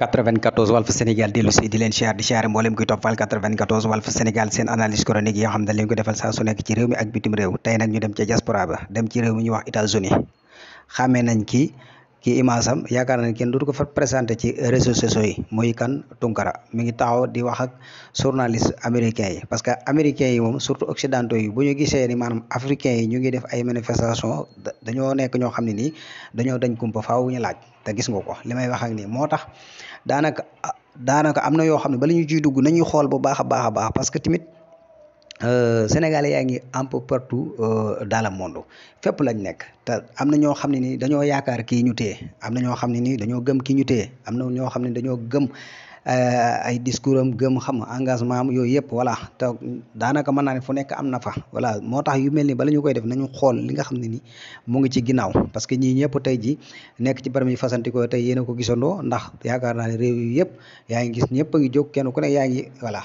94 Walf Sénégal dellu si di leen siyaar di siyaare mboolem kuy toppal 94 Walf Sénégal seen analyse chronique yi nga xam ne leen ko defal saa su ci réew mi ak bitim réew tey nag ñu dem ca diaspora dem ci réew mi ñu wax États-Unis xàmmee nañ ki kii image am yaakaar ne kenn dootu ko fa présenté ci réseaux sociaux yi muy kan Tunkara mi ngi taxaw di wax ak journaliste américains yi parce que américains yi moom surtout occidentaux yi bu ñu gisee ni maanaam africains yi ñu ngi def ay manifestation dañoo nekk ñoo xam ne nii dañoo dañ kumpa faaw ñu laaj te gis nga ko li may wax ak nii moo tax daanaka daanaka am na yoo xam ne bala ñu ciy dugg nañuy xool bu baax a baax parce que tamit. Euh, Sénégalais yaa ngi un peu partout euh, dans le monde fépp lañ nekk te am na ñoo xam ne ni dañoo yaakaar kii ñu téye am na ñoo xam ne ni dañoo gëm kii ñu am na ñoo xam ne dañoo gëm euh, ay discours am gëm xam engagement am yooyu yëpp voilà te daanaka mën naa ne fu nekk am na fa voilà moo tax yu mel ni bala ñu koy def nañu xool li nga xam ne ni mu ngi ci ginnaaw parce que ñii ñëpp tey ji nekk ci barami fasanti ko tey yéen a ko gisandoo ndax yaakaar naa ne réew yi yëpp yaa ngi gis ñëpp a ngi jóg kenn ko ne yaa ngi voilà